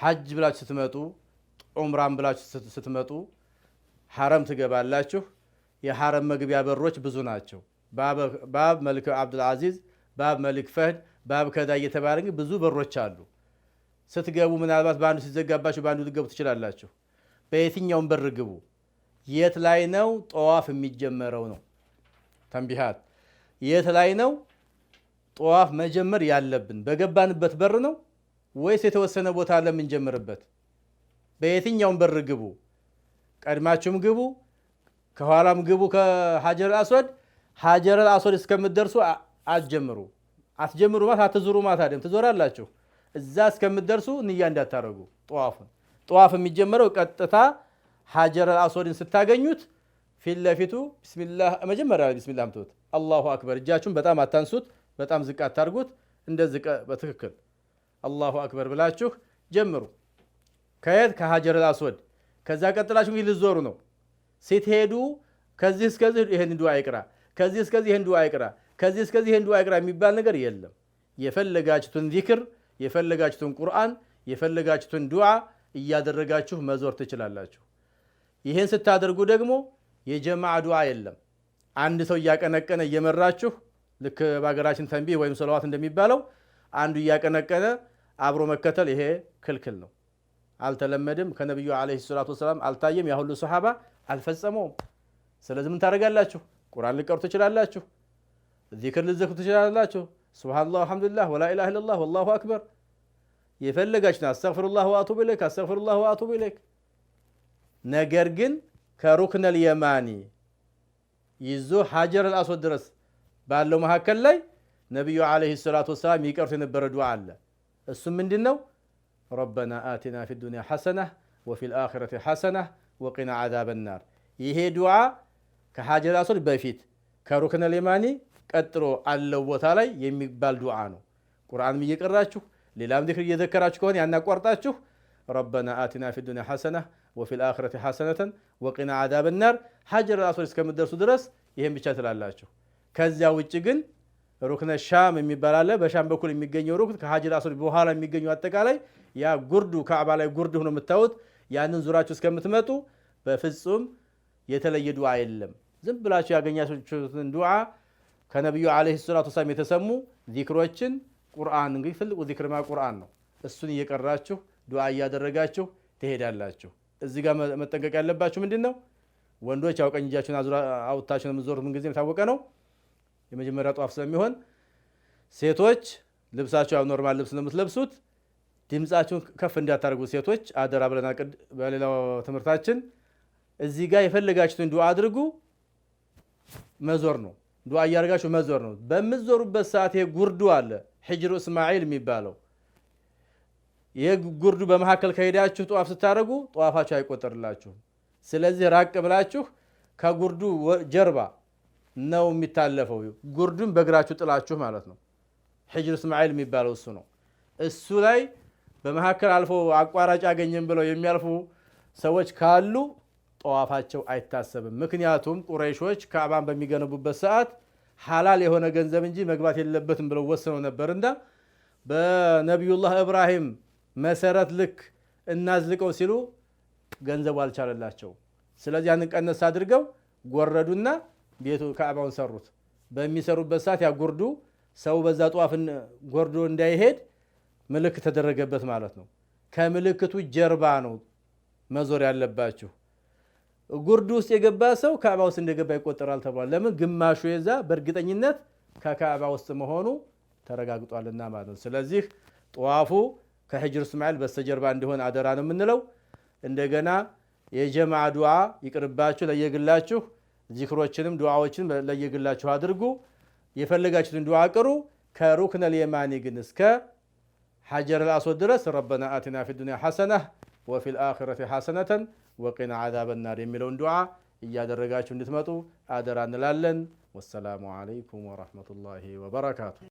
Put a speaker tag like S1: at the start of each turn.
S1: ሐጅ ብላችሁ ስትመጡ ዑምራን ብላችሁ ስትመጡ ሐረም ትገባላችሁ። የሐረም መግቢያ በሮች ብዙ ናቸው። ባብ መልክ አብዱልዓዚዝ፣ ባብ መልክ ፈህድ፣ ባብ ከዳ እየተባለ ብዙ በሮች አሉ። ስትገቡ ምናልባት በአንዱ ሲዘጋባችሁ በአንዱ ትገቡ ትችላላችሁ። በየትኛውም በር ግቡ። የት ላይ ነው ጠዋፍ የሚጀመረው? ነው ተንቢሃት። የት ላይ ነው ጠዋፍ መጀመር ያለብን? በገባንበት በር ነው ወይስ የተወሰነ ቦታ ለምንጀምርበት? በየትኛውም በር ግቡ፣ ቀድማችሁም ግቡ፣ ከኋላም ግቡ። ከሀጀር አስወድ ሀጀር አስወድ እስከምትደርሱ አትጀምሩ። አትጀምሩ ማለት አትዙሩ ማለት አይደለም፣ ትዞራላችሁ። እዛ እስከምትደርሱ ንያ እንዳታረጉ ጠዋፉን። ጠዋፍ የሚጀመረው ቀጥታ ሀጀር አስወድን ስታገኙት ፊት ለፊቱ ቢስሚላህ መጀመሪያ ቢስሚላህ ምትት አላሁ አክበር። እጃችሁን በጣም አታንሱት፣ በጣም ዝቅ አታርጉት። እንደዚህ በትክክል አላሁ አክበር ብላችሁ ጀምሩ። ከየት ከሀጀር አስወድ። ከዛ ቀጥላችሁ እንግዲህ ልትዞሩ ነው። ስትሄዱ ከዚህ እስከዚህ ይህን ዱዓ ይቅራ፣ ከዚህ እስከዚህ ይህን ዱዓ ይቅራ፣ ከዚህ እስከዚህ ይህን ዱዓ ይቅራ የሚባል ነገር የለም። የፈለጋችሁትን ዚክር፣ የፈለጋችሁትን ቁርአን፣ የፈለጋችሁትን ዱዓ እያደረጋችሁ መዞር ትችላላችሁ። ይህን ስታደርጉ ደግሞ የጀማዓ ዱዓ የለም። አንድ ሰው እያቀነቀነ እየመራችሁ ልክ በሀገራችን ተንቢህ ወይም ሰለዋት እንደሚባለው አንዱ እያቀነቀነ አብሮ መከተል ይሄ ክልክል ነው፣ አልተለመድም። ከነቢዩ ዓለይሂ ሰላቱ ወሰላም አልታየም፣ ያሁሉ ሰሓባ አልፈጸመውም። ስለዚህ ምን ታደርጋላችሁ? ቁርአን ልቀሩ ትችላላችሁ፣ ዚክር ልዘክሩ ትችላላችሁ። ሱብሓነላህ አልሐምዱሊላህ፣ ወላ ኢላሃ ኢለላህ፣ ወላሁ አክበር የፈለጋችሁ አስተግፊሩላህ ወአቱቡ ኢለይክ፣ አስተግፊሩላህ ወአቱቡ ኢለይክ። ነገር ግን ከሩክነል የማኒ ይዞ ሀጀር አልአስወድ ድረስ ባለው መካከል ላይ ነቢዩ ዓለይሂ ሰላቱ ወሰላም ይቀርቱ የነበረ ዱዓ አለ። እሱ ምንድን ነው? ረበና አቲና ፊ ዱንያ ሐሰነህ ወፊ ልአኺረት ሐሰነህ ወቂና ዓዛበ ናር። ይሄ ዱዓ ከሐጀር አስወድ በፊት ከሩክነ ሌማኒ ቀጥሎ አለው ቦታ ላይ የሚባል ዱዓ ነው። ቁርአንም እየቀራችሁ ሌላም ዚክር እየዘከራችሁ ከሆነ ያናቋርጣችሁ ረበና አቲና ፊ ዱንያ ሐሰነህ ወፊ ልአኺረት ሐሰነተን ወቂና ዓዛበ ናር ሐጀር አስወድ እስከምትደርሱ ድረስ ይህን ብቻ ትላላችሁ። ከዚያ ውጭ ግን ሩክነ ሻም የሚባል አለ። በሻም በኩል የሚገኘው ሩክን ከሀጅር አስወድ በኋላ የሚገኘው አጠቃላይ ያ ጉርዱ ከዕባ ላይ ጉርድ ሆኖ የምታዩት ያንን ዙራችሁ እስከምትመጡ በፍጹም የተለየ ዱዓ የለም። ዝም ብላችሁ ያገኛችሁትን ዱዓ ከነቢዩ ዓለይሂ ሰላቱ ወሰላም የተሰሙ ዚክሮችን፣ ቁርአን እንግዲህ ትልቁ ዚክርማ ቁርአን ነው። እሱን እየቀራችሁ ዱዓ እያደረጋችሁ ትሄዳላችሁ። እዚህ ጋር መጠንቀቅ ያለባችሁ ምንድን ነው? ወንዶች ያው ቀኝ እጃችሁን አውጥታችሁን የምትዞሩት የታወቀ ነው። የመጀመሪያ ጧፍ ስለሚሆን ሴቶች ልብሳቸው ኖርማል ልብስ ነው የምትለብሱት። ድምፃችሁን ከፍ እንዳታደርጉ ሴቶች አደራ ብለና በሌላው ትምህርታችን እዚህ ጋር የፈለጋችሁትን ዱዓ አድርጉ። መዞር ነው ዱዓ እያደርጋችሁ መዞር ነው። በምትዞሩበት ሰዓት ጉርዱ አለ ሕጅሩ እስማኤል የሚባለው የጉርዱ በመካከል ከሄዳችሁ ጠዋፍ ስታደርጉ ጠዋፋችሁ አይቆጠርላችሁም። ስለዚህ ራቅ ብላችሁ ከጉርዱ ጀርባ ነው የሚታለፈው። ጉርዱን በእግራችሁ ጥላችሁ ማለት ነው። ሕጅር እስማኤል የሚባለው እሱ ነው። እሱ ላይ በመካከል አልፎ አቋራጭ አገኘም ብለው የሚያልፉ ሰዎች ካሉ ጠዋፋቸው አይታሰብም። ምክንያቱም ቁረይሾች ካዕባን በሚገነቡበት ሰዓት ሐላል የሆነ ገንዘብ እንጂ መግባት የለበትም ብለው ወስነው ነበር እና በነቢዩላህ እብራሂም መሰረት ልክ እናዝልቀው ሲሉ ገንዘቡ አልቻለላቸው። ስለዚህ ያንን ቀነስ አድርገው ጎረዱና ቤቱ ካዕባውን ሰሩት። በሚሰሩበት ሰዓት ያጎርዱ ሰው በዛ ጠዋፍን ጎርዶ እንዳይሄድ ምልክት ተደረገበት ማለት ነው። ከምልክቱ ጀርባ ነው መዞር ያለባችሁ። ጉርድ ውስጥ የገባ ሰው ካዕባ ውስጥ እንደገባ ይቆጠራል ተብሏል። ለምን ግማሹ የዛ በእርግጠኝነት ከካዕባ ውስጥ መሆኑ ተረጋግጧልና ማለት ነው። ስለዚህ ጠዋፉ ከሕጅር እስማኤል በስተጀርባ እንዲሆን አደራ ነው የምንለው። እንደገና የጀማዓ ዱዓ ይቅርባችሁ ለየግላችሁ ዚክሮችንም ዱዓዎችን ለየግላችሁ አድርጉ። የፈለጋችሁትን ዱዓ ቅሩ። ከሩክነል የማኒ ግን እስከ ሐጀር አልአስወድ ድረስ ረበና አቲና ፊ ዱንያ ሐሰነ ወፊ ልአኺረት ሐሰነተን ወቂና ዓዛበ ናር የሚለውን ዱዓ እያደረጋችሁ እንድትመጡ አደራ እንላለን። ወሰላሙ ዓለይኩም ወረሕመቱላሂ ወበረካቱ።